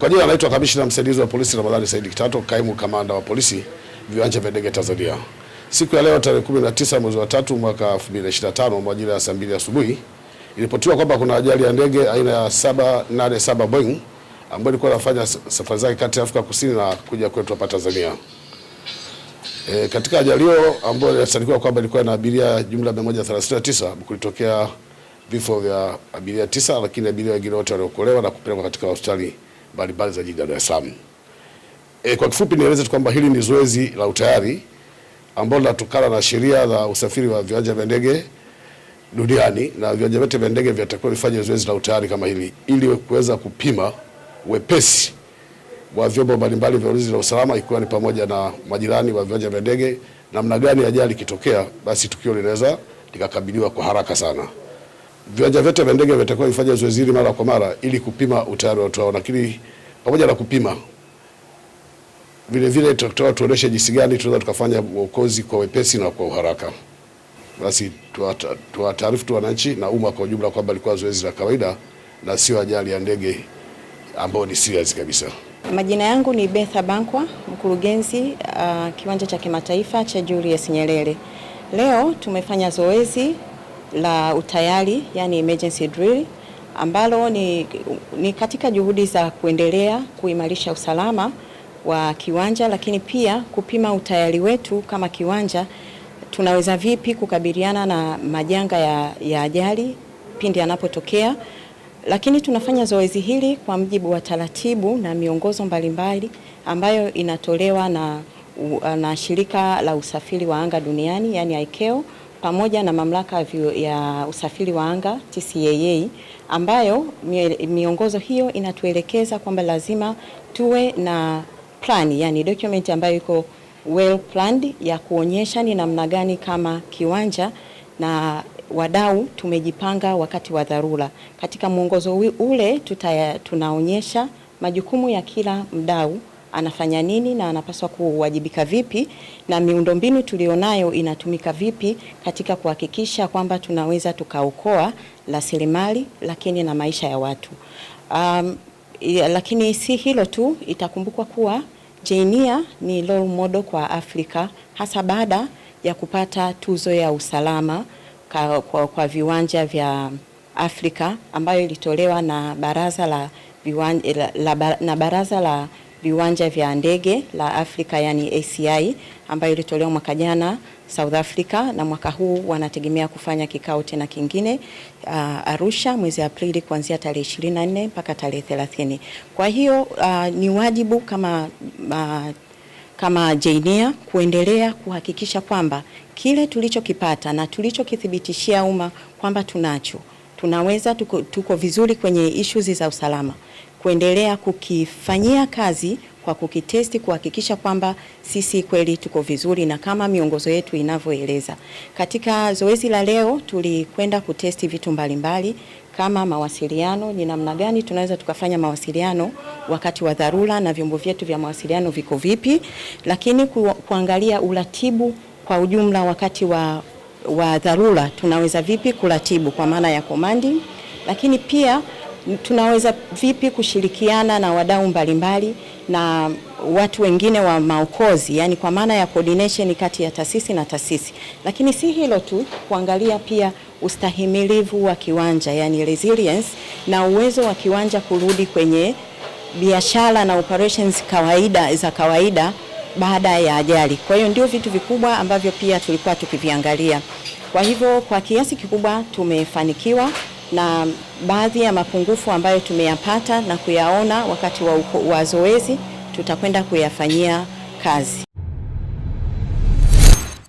Kwa jina anaitwa Kamishna Msaidizi wa Polisi Ramadhani Saidi Kitato, kaimu kamanda wa polisi viwanja vya ndege Tanzania. Siku ya leo tarehe 19 mwezi wa tatu mwaka 2025 majira ya saa 2 asubuhi ilipotiwa kwamba kuna ajali ya ndege aina ya 787 Boeing ambayo ilikuwa inafanya safari zake kati ya Afrika Kusini na kuja kwetu hapa Tanzania. E, katika ajali hiyo ambayo inasadikiwa kwamba ilikuwa na abiria jumla ya 139 kulitokea vifo vya abiria tisa, lakini abiria wengine wote waliokolewa na kupelekwa katika hospitali mbalimbali za jiji la Dar es Salaam. E, kwa kifupi nieleze tu kwamba hili ni zoezi la utayari ambalo linatokana na sheria za usafiri wa viwanja vya ndege duniani na viwanja vyote vya ndege vitakuwa vifanye zoezi la utayari kama hili ili kuweza kupima wepesi wa vyombo mbalimbali vya ulinzi na usalama ikiwa ni pamoja na majirani wa viwanja vya ndege, namna gani ajali ikitokea, basi tukio linaweza likakabiliwa kwa haraka sana viwanja vyote vya ndege vitakuwa vifanya zoezi hili mara kwa mara ili kupima utayari watu wao, lakini pamoja na kupima vile vile tutatoa tuoneshe jinsi gani tunaweza tukafanya uokozi kwa wepesi na kwa uharaka. Basi tuwataarifu tu wananchi na umma kwa ujumla kwamba ilikuwa zoezi la kawaida na sio ajali ya ndege ambayo ni serious kabisa. Majina yangu ni Betha Bankwa, mkurugenzi uh, kiwanja cha kimataifa cha Julius Nyerere. Leo tumefanya zoezi la utayari yani emergency drill ambalo ni, ni katika juhudi za kuendelea kuimarisha usalama wa kiwanja, lakini pia kupima utayari wetu kama kiwanja, tunaweza vipi kukabiliana na majanga ya, ya ajali pindi yanapotokea. Lakini tunafanya zoezi hili kwa mujibu wa taratibu na miongozo mbalimbali ambayo inatolewa na, na shirika la usafiri wa anga duniani yani ICAO pamoja na mamlaka ya usafiri wa anga TCAA, ambayo miongozo hiyo inatuelekeza kwamba lazima tuwe na plan, yani document ambayo iko well planned ya kuonyesha ni namna gani kama kiwanja na wadau tumejipanga wakati wa dharura. Katika mwongozo ule tutaya, tunaonyesha majukumu ya kila mdau anafanya nini na anapaswa kuwajibika vipi na miundombinu tulionayo inatumika vipi katika kuhakikisha kwamba tunaweza tukaokoa rasilimali lakini na maisha ya watu. Um, lakini si hilo tu, itakumbukwa kuwa Jainia ni role model kwa Afrika hasa baada ya kupata tuzo ya usalama kwa, kwa, kwa viwanja vya Afrika ambayo ilitolewa na baraza la, viwanja, la, la, na baraza la viwanja vya ndege la Afrika yani ACI ambayo ilitolewa mwaka jana South Africa, na mwaka huu wanategemea kufanya kikao tena kingine uh, Arusha mwezi Aprili kuanzia tarehe 24 mpaka tarehe 30. Kwa hiyo uh, ni wajibu kama uh, kama JNIA kuendelea kuhakikisha kwamba kile tulichokipata na tulichokithibitishia umma kwamba tunacho tunaweza tuko, tuko vizuri kwenye issues za usalama kuendelea kukifanyia kazi kwa kukitesti kuhakikisha kwamba sisi kweli tuko vizuri na kama miongozo yetu inavyoeleza. Katika zoezi la leo tulikwenda kutesti vitu mbalimbali mbali, kama mawasiliano, ni namna gani tunaweza tukafanya mawasiliano wakati wa dharura na vyombo vyetu vya mawasiliano viko vipi, lakini ku, kuangalia uratibu kwa ujumla wakati wa, wa dharura tunaweza vipi kuratibu kwa maana ya komandi, lakini pia tunaweza vipi kushirikiana na wadau mbalimbali na watu wengine wa maokozi, yani kwa maana ya coordination kati ya taasisi na taasisi. Lakini si hilo tu, kuangalia pia ustahimilivu wa kiwanja, yani resilience na uwezo wa kiwanja kurudi kwenye biashara na operations kawaida za kawaida baada ya ajali. Kwa hiyo ndio vitu vikubwa ambavyo pia tulikuwa tukiviangalia. Kwa hivyo kwa kiasi kikubwa tumefanikiwa na baadhi ya mapungufu ambayo tumeyapata na kuyaona wakati wa, wa zoezi tutakwenda kuyafanyia kazi.